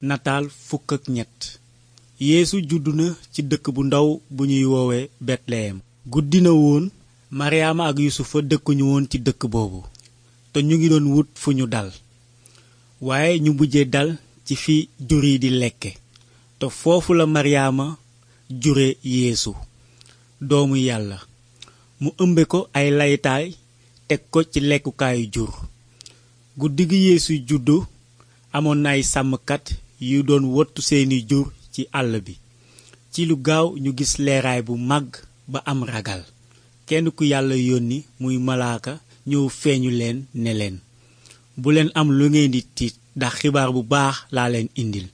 nataal fukk ak ñett na ci dëkk bu ndaw bu ñuy woowe betleyem guddi na woon maryaama ak yusufa dëkkuñu woon ci dëkk boobu te ñu ngi doon wut fu ñu dal waaye ñu mujje dal ci fi jur yi di lekke te foofu la maryaama jure yéesu doomu yàlla mu ëmbe ko ay laytaay teg ko ci lekkukaayu jur guddi gi yeesu juddu amoon na ay sàmmkat yu doon wottu seeni jur ci àll bi ci lu gaaw ñu gis leeraay bu màgg ba am ragal kenn ku yàlla yónni muy malaaka ñëw feeñu leen ne leen bu leen am lu ngeen di tiit ndax xibaar bu baax laa leen indil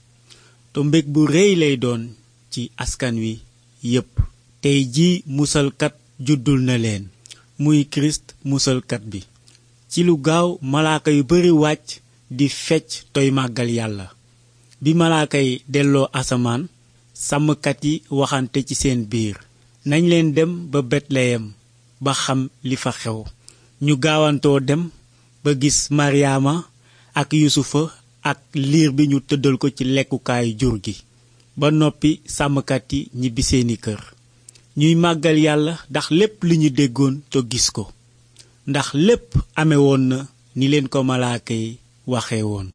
te mbég bu rëy lay doon ci askan wi yépp tey ji musalkat juddul na leen muy kirist musalkat bi ci lu gaaw malaaka yu bari wàcc di fecc toy màggal yàlla bi malaaka delloo asamaan sàmmkat yi waxante ci seen biir nañ leen dem ba betleyem ba xam li fa xew ñu gaawantoo dem ba gis maryaama ak yusufa ak liir bi ñu tëddal ko ci lekkukaayu jur gi ba noppi sàmmkat yi ñibbi seeni kër ñuy màggal yàlla ndax lépp li ñu déggoon te gis ko ndax lépp amewoon na ni leen ko malaaka yi waxe woon